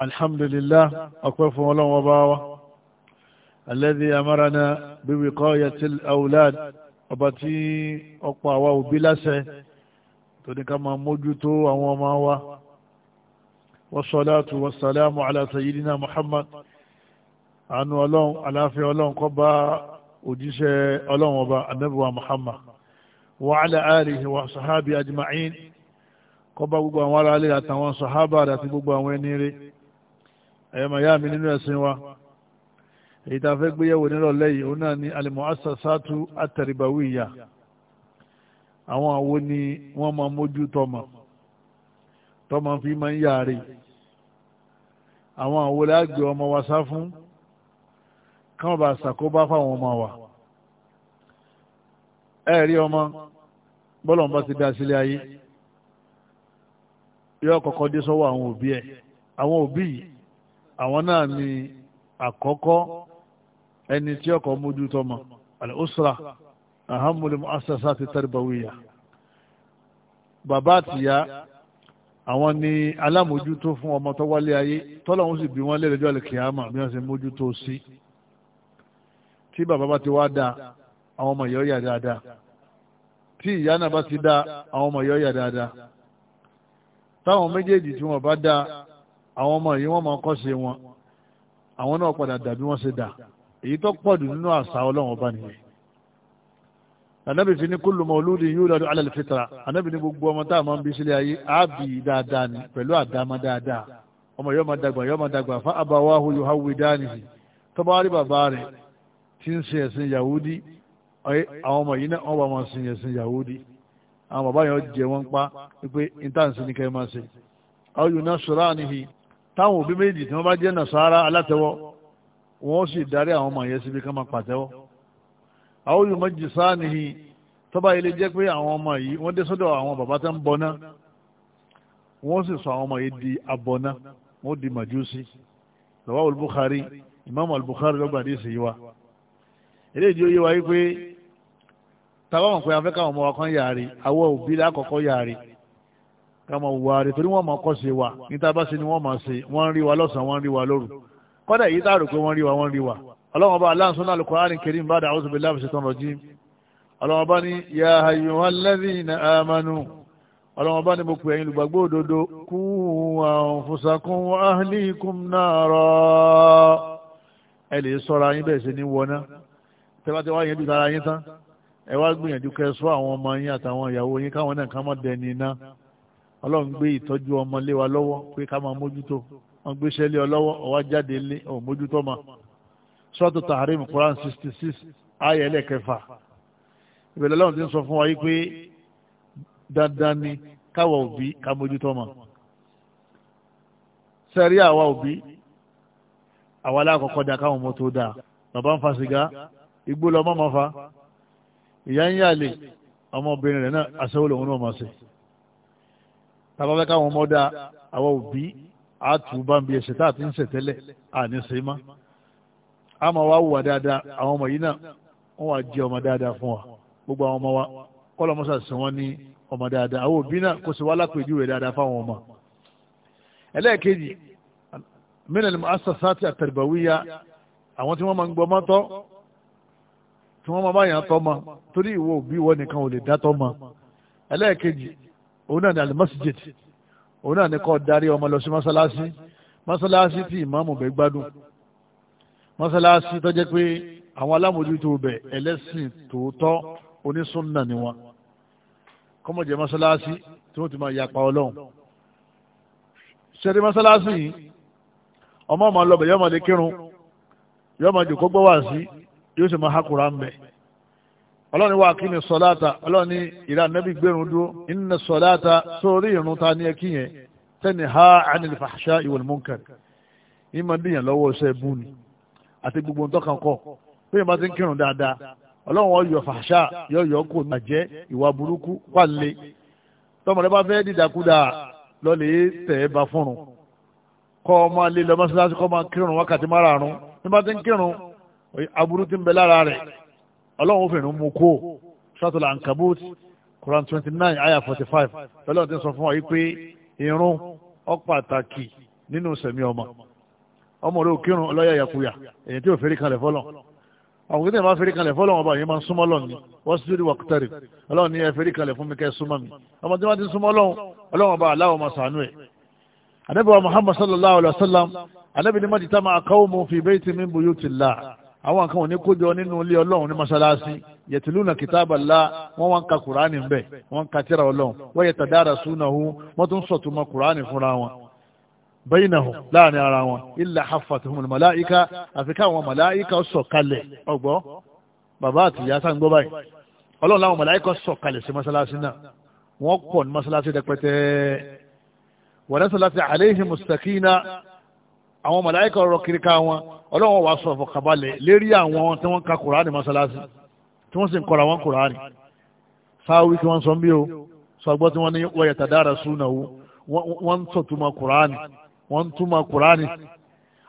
alhamdulillah ọpẹ́ fún ọlọ́wọ́ bá wá alẹ́dí amárana bíbí kọ́ yẹtí aulad ọba tí ọ̀pọ̀ àwa òbí láṣẹ tó ní ká máa mójútó àwọn ọmọ wa wasalaatu wasalaamu ala sayyidina muhammad àánú ọlọ́run aláfẹ́ ọlọ́run kó bá òjíṣẹ́ ọlọ́run ọba anábíwá muhammad wa ala alihi wa sahabi ajma'in kó gbogbo àwọn ará ilé àtàwọn sahaba àti gbogbo àwọn ẹni rẹ̀ ẹ̀yọ́ màá yá mi nínú ẹ̀sìn wa èyí tá a fẹ́ gbéyẹ̀wò nírọ̀lẹ́ yìí òun náà ni al-mu'assasatu at-tarbawiyya àwọn àwo ni wọ́n máa mójú tọmọ tọmọ fi máa ń yáre àwọn àwo lágbè ọmọ wa sá fún káwọn bá ṣàkóbá fáwọn ọmọ wa ẹ rí ọmọ bọ́lọ̀ ń bá ti dá sílé ayé yóò kọ́kọ́ dé sọ́wọ́ àwọn òbí ẹ̀ àwọn òbí yìí àwọn náà ni àkọ́kọ́ ẹni tí ọkọ̀ mójú tọmọ al-usra ahammul mu'assasati tarbawiya bàbá àtìyá àwọn ni alámójútó fún ọmọ tó wálé ayé tọ́lọ́hún sì bí wọ́n lẹ́rẹ̀ẹ́jọ́ àlùkìyàmà bí wọ́n ṣe mójútó sí tí bàbá bá ti wá dáa àwọn ọmọ yóò yà dáadáa tí ìyá náà bá ti dáa àwọn ọmọ yóò yà dáadáa táwọn méjèèjì tí wọ́n bá dáa àwọn ọmọ yìí wọ́n máa kọ́ ṣe wọn àwọn náà padà dàbí wọ́n ṣe dà èyí tó pọ̀ jù nínú àṣà ọlọ́run ọba nìyẹn ànábì fi ní kullu mawludin yuladu ala al-fitra ànábì ní gbogbo ọmọ tá máa ń bí sílé ayé àábì dáadáa ni pẹ̀lú àdámá dáadáa ọmọ yóò máa dàgbà yóò máa dàgbà fa abawahu yuhawwidanihi tó bá rí bàbá rẹ̀ tí ń sin ẹ̀sìn yahudi àwọn ọmọ yìí náà wọ́n máa sin ẹ̀sìn yahudi àwọn bàbá yẹn jẹ wọ́n pa pé intanṣe ni kẹ́ máa ṣe aw yunasiranihi táwọn òbí méjì tí wọ́n bá jẹ́ nàṣàrà alátẹ́wọ́ wọ́n sì darí àwọn ọmọ yẹn síbi ká máa pàtẹ́wọ́ àwọn olùmọ̀ jì sáà nìyí tọ́ba ilé jẹ́ pé àwọn ọmọ yìí wọ́n dé sọ́dọ̀ àwọn bàbá tó ń bọná wọ́n sì sọ àwọn ọmọ yìí di abọ́ná wọ́n di màjúsí lọ́wọ́ olùbùkárí ìmáàmù olùbùkárí lọ́gbà dé sí wa ilé ìdí oyé wa yìí pé tábàmù pé afẹ́ká ọmọ wa kan yàrí àwọn òbí lákọ̀ọ́kọ́ yàrí ká máa wùwà rẹ̀ torí wọ́n máa kọ́ sí wa ní tá a bá ṣe ni wọ́n máa ṣe wọ́n ń rí wa lọ́sàn-án wọ́n ń rí wa lóru kọ́dà yìí tá a rò pé wọ́n ń rí wa wọ́n ń rí wa ọlọ́wọ́n bá aláǹsọ́ náà Al-Qur'an Karim bá dà a'udhu billahi minash shaitanir rajim ọlọ́wọ́n bá ya ayyuhal ladhina amanu ọlọ́wọ́n bá ní mo pè ẹ̀yin olùgbàgbọ́ òdodo qu àwọn ọmọ ọlọ́run gbé ìtọ́jú ọmọ lé wa lọ́wọ́ pé ká máa mójútó wọn gbéṣẹ́ lé ọ lọ́wọ́ ọwá jáde lé ọ mójútó ma sọ́ọ̀tù tahrim quran sixty six ayé ẹlẹ́kẹfà ìbẹ̀lẹ̀ ọlọ́run ti ń sọ fún wa yìí pé dandan ni káwa òbí ká mójútó ma sẹ́rí àwa òbí àwa aláàkọ́kọ́ da káwọn ọmọ tó dáa bàbá ń fa sìgá igbó lọ mọ́ mọ́ fa ìyá ń yàlè ọmọbìnrin rẹ̀ náà aṣẹ́wó lòun náà máa ṣe tàbá fẹ́ káwọn ọmọ dá àwọn òbí àtúbá ń bí ẹ̀ṣẹ̀ tá àti ń ṣẹ̀ tẹ́lẹ̀ àní ṣe má a máa wá wùwà dáadáa àwọn ọmọ yìí náà wọ́n wá jẹ́ ọmọ dáadáa fún wa gbogbo àwọn ọmọ wa kọ́lọ̀ mọ́sà sí wọn ní ọmọ dáadáa àwọn òbí náà kò sí wá lápèjúwe dáadáa fáwọn ọmọ ẹlẹ́ẹ̀kejì mínà ní asàsáàtì àtẹ̀rẹ̀bàwíyà àwọn tí wọ́n máa ń gbọ́ mọ́tọ́ tí wọ́n máa bá yàn tọ́ mọ́ torí ìwọ òbí wọn nìkan ò lè dá tọ́ mọ́ ẹlẹ́ẹ̀kejì òun náà ní alimasijid òun náà darí ọmọ lọ sí mọ́sálásí mọ́sálásí tí ìmáàmù bẹ gbádùn mọ́sálásí tó jẹ́ pé àwọn alámòjútó bẹ ẹlẹ́sìn tòótọ́ onísúnnà ni wọn kọ́mọ̀jẹ́ mọ́sálásí tí wọ́n ti máa yapa ọlọ́run ṣẹ́rí yìí ọmọ ọmọ lè kírun jòkó gbọ́ wá sí yóò sì máa hákùrá ń bẹ̀ ọlọ́run ní wà kí ni sọ́láta ọlọ́run ní ìrà nẹ́bí gbẹ̀rún dúró inna sọ́láta sórí ìrún ta ní ẹkí yẹn tẹ́ni ha anil fahsha wal munkar ní máa dìyàn lọ́wọ́ iṣẹ́ bú ni àti gbogbo ń tọ́kàn kọ́ bí wọ́n bá ti ń kírun dáadáa ọlọ́run ọyọ fahsha yọ̀yọ̀ kò bàjẹ́ ìwà burúkú wà lé tọmọdé bá fẹ́ dìdàkudà lọ́lẹ̀ tẹ̀ ẹ́ bá fọ́run kọ́ ọmọ alẹ́ lọ kọ́ máa kírun wákàtí ọlọ́run ó fẹ̀rẹ̀ mú kó Suratul Ankabut Quran twenty nine ayah forty five pẹ̀lú ọ̀tí sọ fún wa yìí pé irun ó pàtàkì nínú sẹ̀mí ọmọ ọmọ rẹ̀ òkírun ọlọ́yà yakuya èyí tí ò fẹ́rí kalẹ̀ fọ́lọ́ àwọn kìtẹ́ bá fẹ́rí kalẹ̀ fọ́lọ́ ọba yìí máa ń súnmọ́ lọ ni wasjud waqtarib ọlọ́run ní ẹ fẹ́rí kalẹ̀ fún mi kẹ́ súnmọ́ mi ọmọ tí wọ́n ti súnmọ́ lọ́hùn ọlọ́run ọba aláwọ̀ máa sànú ẹ̀ anábìwá Muhammad sallallahu alayhi wa sallam anábìwá ni ti tá máa qawmun fi baytin min buyutillah àwọn kan ò ní kójọ nínú ilé ọlọ́run ní mọ́ṣáláṣí yẹtìlúnà kìtàbàlá wọ́n wá ń ka kùránì ń bẹ̀ wọ́n ń ka tíra ọlọ́run wọ́n yẹ tàdára súnahu wọ́n tún sọ̀túnmọ́ kùránì fúnra wọn bẹ́yìnàhùn láàrin ara wọn ilẹ̀ hafatuhun màláìka àfi káwọn màláìka sọ̀kalẹ̀ ọgbọ́ bàbá àti ìyá sáà ń gbọ́ báyìí ọlọ́run láwọn màláìka sọ̀kalẹ̀ sí mọ́ṣáláṣí náà wọ́n pọ̀ ní mọ́ṣáláṣí rẹpẹtẹ wọ́n náà sọ láti àléhìn mùsùtàkínà àwọn màláìka ọ̀rọ̀ kiri ká ọlọ́wọ́ wa sọ fọkàbalẹ̀ lérí àwọn tí wọ́n ka kùránì mọ́sálásí tí wọ́n sì ń kọ́ra wọn kùránì sáwí tí wọ́n sọ bí o sọgbọ́n tí wọ́n ní wọ́n yẹ̀tà dára súnà wo wọ́n ń túmọ̀ kùránì wọ́n túmọ̀ kùránì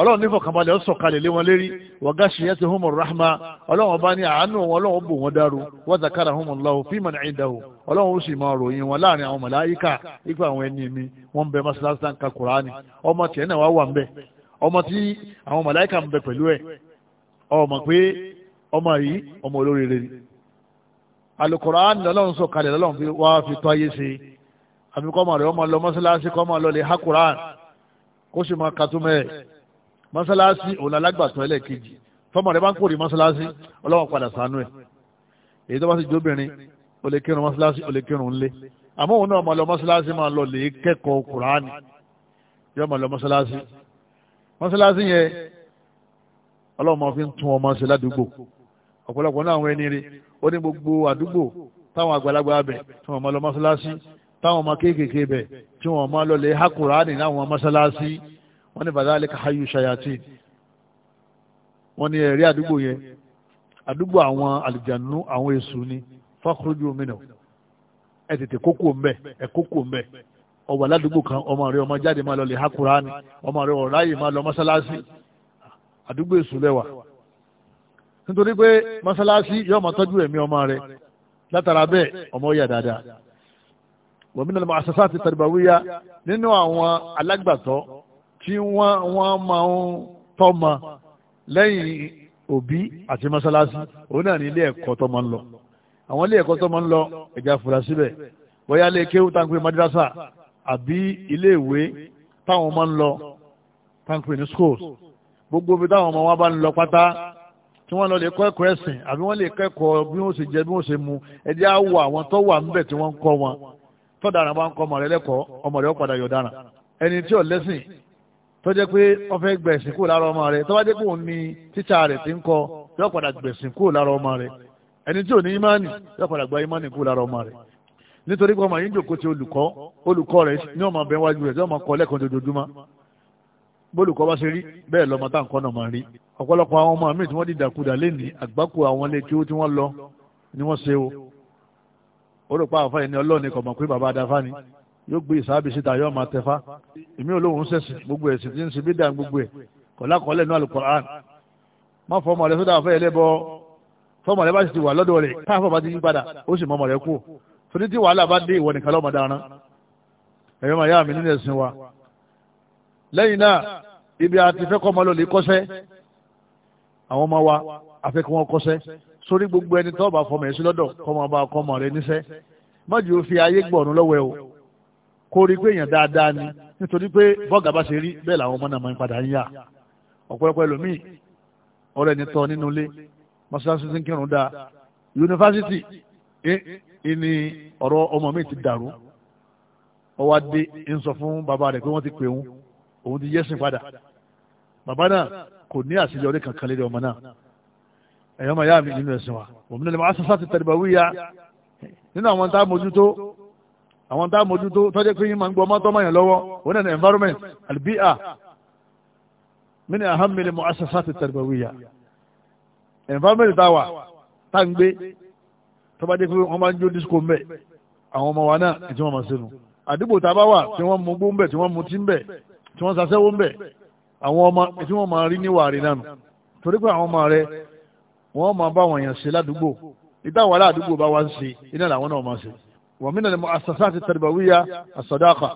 ọlọ́run nífọ̀ kàbalẹ̀ ó sọ̀kalẹ̀ lé wọn lérí rahma bá ní àánú wọn bò wọn wọ́n zakara ọmọ tí àwọn màláìkà ń bẹ pẹ̀lú ẹ̀ ọmọ pé ọmọ yìí ọmọ olóríire ni Al-Qur'an lọ́lọ́run sọ kalẹ̀ lọ́lọ́run fi wá fi tọ́ ayé ṣe àmì kọ́ ọmọ rẹ̀ ọmọ lọ mọ́sálásí kọ́ ọmọ lọ lè hakuran kó sì máa mọ́sálásí òun alágbàtọ́ ẹlẹ́ẹ̀kejì rẹ̀ bá ń kórè mọ́sálásí padà sànú ẹ̀ èyí tó bá sì ó lè kírun mọ́sálásí ó lè kírun àmọ́ òun náà lọ mọ́sálásí máa lọ lè kẹ́kọ̀ọ́ yóò máa mọ́sálásí yẹn ọlọ́run máa fi ń tún ọmọ ṣe ládùúgbò ọ̀pọ̀lọpọ̀ náà àwọn ẹni rí ó ní gbogbo àdúgbò táwọn àgbàlagbà bẹ̀ tí wọ́n máa lọ mọ́sálásí táwọn ọmọ kéékèèké bẹ̀ tí wọ́n máa lọ lè hákùránì láwọn mọ́sálásí wọ́n ní bàdá alẹ́ káyù ṣayàtì wọ́n ní ẹ̀rí àdúgbò yẹn àdúgbò àwọn àlìjànú àwọn èṣù ni fákúrújú mìíràn ẹ̀ tètè kókó ń bẹ̀ kókó ń ọwọ́ aládùúgbò kan ọmọ rẹ ọmọ jáde máa lọ lè ha Kùránì ọmọ rẹ ọ̀rá yìí máa lọ mọ́sálásí àdúgbò èso lẹ́wà nítorí pé mọ́sálásí yóò máa tọ́jú ẹ̀mí ọmọ rẹ látara bẹ́ẹ̀ ọmọ yà dáadáa wa min al-mu'assasat at-tarbawiyya nínú àwọn alágbàtọ́ tí wọ́n wọ́n máa ń tọ́mọ lẹ́yìn òbí àti mọ́sálásí òun náà ní ilé ẹ̀kọ́ tọ́mọ ń lọ àwọn ilé ẹ̀kọ́ tọ́mọ ń lọ ẹ̀já fura síbẹ̀ bóyá lè kéwú tá à ń pè madrasa àbí iléèwé táwọn ọmọ ń lọ tanpin ní schools gbogbo ibi táwọn ọmọ wa bá ń lọ pátá tí wọ́n lọ lè kọ́ ẹ̀kọ́ ẹ̀sìn àbí wọ́n lè kẹ́kọ̀ọ́ bí wọ́n ṣe jẹ bí wọ́n ṣe mu ẹjẹ́ á wọ àwọn tó wà ńbẹ̀ tí wọ́n ń kọ́ wọn tọ́daràn bá ń kọ́ ọmọ rẹ lẹ́kọ̀ọ́ ọmọ rẹ ó padà yọ̀daràn ẹni tí ò lẹ́sìn tó jẹ́ pé wọ́n fẹ́ gbẹ̀sìn kúrò lára ọmọ rẹ tó bá jẹ́ pé òun ni tíṣà rẹ̀ ti ń kọ́ yóò padà gbẹ̀sìn kúrò lára ọmọ rẹ ẹni tí ò ní ìmánì yóò padà gba ìmánì kúrò lára ọmọ rẹ nítorí pé ọmọ yìí ń jòkó ti olùkọ́ olùkọ́ rẹ̀ ní ọmọ bẹ́ẹ̀ wájú rẹ̀ tí ọmọ kọ́ lẹ́kọ̀ọ́ dojoojúmọ́ bólùkọ́ bá ṣe rí bẹ́ẹ̀ lọ́mọ tá à ń kọ́ náà máa rí ọ̀pọ̀lọpọ̀ àwọn ọmọ mi tí wọ́n dìdàkudà lẹ́ni àgbákò àwọn ilé kí ó tí wọ́n lọ ni wọ́n ṣe o ó rò pa àfa ẹni ọlọ́ọ̀ni kọ̀mọ̀ pé bàbá adáfá ni yóò gbé ìsáàbì síta yóò máa tẹfá èmi ò lóun ṣẹ̀sìn gbogbo ẹ̀sìn tí ń ṣe bídà gbogbo ẹ̀ kọ̀lákọ̀ọ́lẹ̀ ní alukoran má fọmọ rẹ sódà àfẹ́ ẹlẹ́bọ fọmọ rẹ bá sì ti wà lọ́dọ̀ rẹ̀ káfọ́ bá ti yí torí tí wàhálà bá dé ìwọ nìkan lọ́mọdé aràn ẹ̀yọ́ màá yá mi nínú ẹ̀sìn wa lẹ́yìn náà ibi àti fẹ́ kọ́ ọmọ lọ́lẹ̀ kọ́sẹ́ àwọn ọmọ wa afẹ́ kí wọ́n kọ́sẹ́ sórí gbogbo ẹni tó bá fọmọ ẹ̀sìn lọ́dọ̀ kọ́ ọmọ bá kọ́ ọmọ rẹ níṣẹ́ mọ́jú fi ayé gbọ̀nù lọ́wọ́ ẹ o kó rí pé èèyàn dáadáa ni nítorí pé bọ́ọ̀gà bá ṣe rí bẹ́ẹ̀ làwọn ọmọ náà máa ń padà ń yà ọ̀pọ̀lọpọ̀ ẹlòmíì ọ̀rẹ́ tọ́ nínú ilé mọ́ṣáláṣí ti ń kírun dáa yunifásitì ìní ọ̀rọ̀ ọmọ mi ti dàrú ọwọ́ adé ń sọ fún bàbá rẹ̀ pé wọ́n ti pè òun òun ti yẹ́sìn padà bàbá náà kò ní àṣeyọrí kankan lédè ọmọ náà ẹ̀yọ́ máa yá mi nínú ẹ̀sìn wa òmìnira ni wọ́n á sọ sáti tẹ̀lé bàwí ya nínú àwọn tá a mójútó àwọn tá a mójútó tọ́jú pé yín máa ń gbọ́ mọ́tọ́ mọ́yàn lọ́wọ́ òun náà ní environment albia mini ahammili mu'assasati tarbawiyya environment tá a wà tá a ń gbé tó bá dé pé wọ́n bá ń jó disco mbẹ́ àwọn ọmọ wa náà tí wọ́n máa ṣe nu àdúgbò tá a bá wà tí wọ́n mú gbó mbẹ́ tí wọ́n mú tí mbẹ́ tí wọ́n sasẹ́wó mbẹ́ àwọn ọmọ tí wọ́n máa rí níwà rí nánu torí pé àwọn ọmọ rẹ wọ́n máa bá wọn ṣe ládùúgbò ìtawà ládùúgbò bá wá ń ṣe iná làwọn náà máa ṣe wọ́n mí nàlẹ́ asasati tarbawiyya as-sadaqa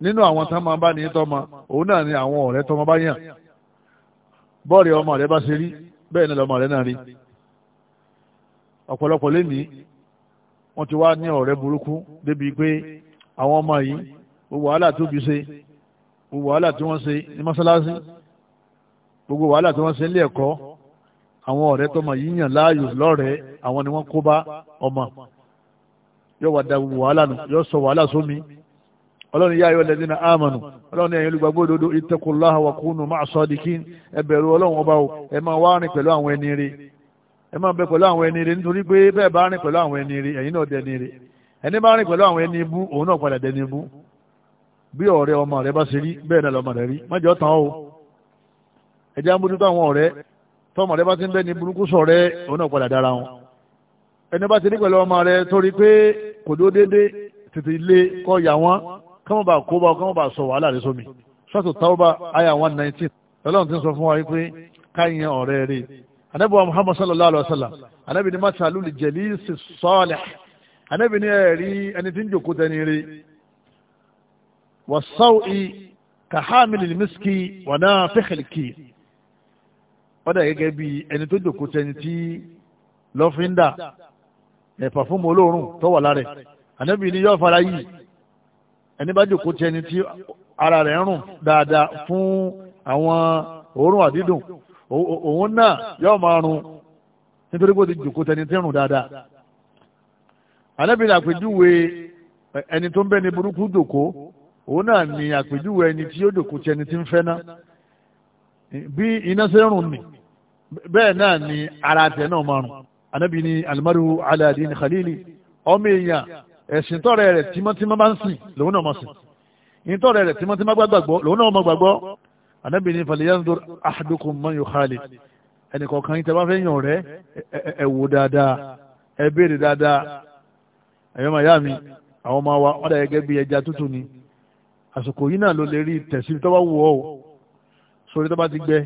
nínú ni àwọn ọ̀rẹ́ tọ́mọ bá yàn bọ́ọ̀rẹ́ ọmọ rẹ bá ṣe ọ̀pọ̀lọpọ̀ lénìí wọ́n ti wá ní ọ̀rẹ́ burúkú débi pé àwọn ọmọ yìí gbogbo wàhálà tó bí ṣe gbogbo wàhálà tí wọ́n ṣe ní mọ́ṣáláṣí gbogbo wàhálà tí wọ́n ṣe nílé ẹ̀kọ́ àwọn ọ̀rẹ́ tọmọ yìí yàn láàyò lọ́rẹ̀ẹ́ àwọn ni wọ́n kó bá ọmọ sọ wàhálà sómi ọlọ́run yá ayọ́ lẹ́dínà ámànù ọlọ́run olùgbàgbọ́ òdodo ọlọ́run ọba máa wá rìn pẹ̀lú àwọn ẹni ẹ máa bẹ pẹ̀lú àwọn ẹni rẹ nítorí pé bẹ́ẹ̀ bá rìn pẹ̀lú àwọn ẹni rẹ ẹ̀yin náà dẹni rẹ ẹni bá rìn pẹ̀lú àwọn ẹni bú òun náà padà dẹni bú bí ọ̀rẹ́ ọmọ rẹ bá ṣe rí bẹ́ẹ̀ náà lọ́mọ rẹ rí má jọ tán o ẹ̀jẹ̀ amójútó àwọn ọ̀rẹ́ tọmọ rẹ bá ti ń bẹ́ni burúkú sọ̀rẹ́ òun náà padà dára wọn ẹni bá ti rí pẹ̀lú ọmọ rẹ torí pé kò dó déédé tètè ilé kọ yà wọn kọ́mọ̀ bá kó wa wípé káyìn ọ̀rẹ́ anabi wa muhammad sallallahu alaihi wa sallam anabi ni masalu li jalisi salih anabi ni ẹ̀rí ẹni tí ń jòkó tẹni rí wa sawi kahamil miski wa náà fẹ́kẹ̀lìkì wọ́n dà gẹ́gẹ́ bí ẹni tó jòkó tẹni tí lọ́fíńdà ẹ̀fà fún olóòórùn tó wà lára anabi ni yóò fara yìí ẹni bá jòkó ara rẹ̀ ń rùn dáadáa fún àwọn òórùn òun náà yóò máa run nítorí pé ó ti jòkó tẹni tí ń rùn dáadáa alábìrin àpèjúwe ẹni tó ń bẹ ní burúkú jòkó òun náà ni àpèjúwe ẹni tí yóò jòkó tẹni tí ń fẹ́ ná bí iná ṣe ń rùn nì bẹ́ẹ̀ náà ni ara tẹ̀ náà máa rùn anábì ni alimaru aladi ni khalili ọmọ èèyàn ẹ̀sìn tọ́rẹ̀ rẹ̀ tímọ́tímọ́ bá ń sìn lòun náà máa sìn ìtọ́rẹ̀ rẹ̀ tímọ́tímọ́ gbàgbọ́ lòun náà máa gbàgbọ́ ànábì ní falyanzur ahadukum man yukhalif ẹnì kọ̀ọ̀kan yìí tẹ́lá fẹ́ yàn rẹ̀ ẹ wò dáadáa ẹ béèrè dáadáa ẹ̀yọ́ màyá mi àwọn ọmọ wa ọ̀dà gẹ́gẹ́ bí ẹja tútù ni àsìkò yìí náà ló lè rí tẹ̀sí tó bá wù ọ́ sórí tó bá ti gbẹ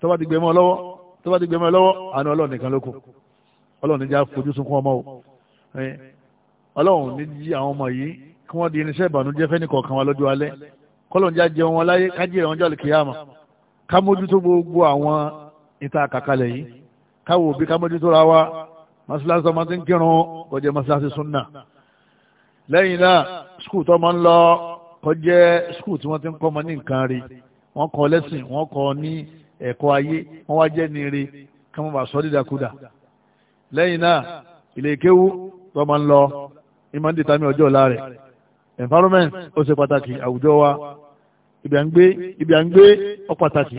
tó bá ti gbẹ mọ́ lọ́wọ́ tó bá ti gbẹ mọ́ lọ́wọ́ àánú ọlọ́run nìkan ló kù ọlọ́run níjà fojú sunkún ọmọ o ọlọ́run níjí àwọn ọmọ yìí kí wọ́n di irinṣẹ́ ìbànújẹ́ fẹ́nìkọ̀ọ̀kan wa lọ́jọ́ alẹ́ kọ́lọ̀njá jẹun wọn láyé kájí ẹ̀wọ̀n jọ́ kìyàmà ká mójútó gbogbo àwọn ìta àkàkalẹ̀ yìí káwò bí ká mójútó ra wa masilasi ọmọ tí ń kírun kó masilasi sunna lẹ́yìn náà skul tó máa ń lọ kó jẹ́ skul tí wọ́n ti ń kọ́ ọmọ ní nǹkan rí wọ́n kọ́ lẹ́sìn wọ́n kọ́ ní ẹ̀kọ́ ayé wọ́n wá jẹ́ ní ká má bàa sọ dídakúdà lẹ́yìn náà ilé ìkéwú tó máa ń lọ ìmọ̀ ń dìtàmí ọjọ́ ọ̀la rẹ̀ environment ó ṣe pàtàkì àwùjọ wa ibi à ń gbé ibi à ń gbé ọ pàtàkì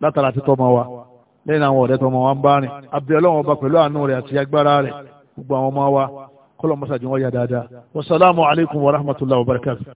látara ti tọmọ wa lẹ́yìn àwọn ọ̀rẹ́ tọmọ wa ń bá rìn abẹ́ ọlọ́run ọba pẹ̀lú àánú rẹ̀ àti agbára rẹ̀ gbogbo àwọn ọmọ wa kọ́lọ̀ mọ́sàdínwó dáadáa wasalaamu wa rahmatulah wa barakatuh.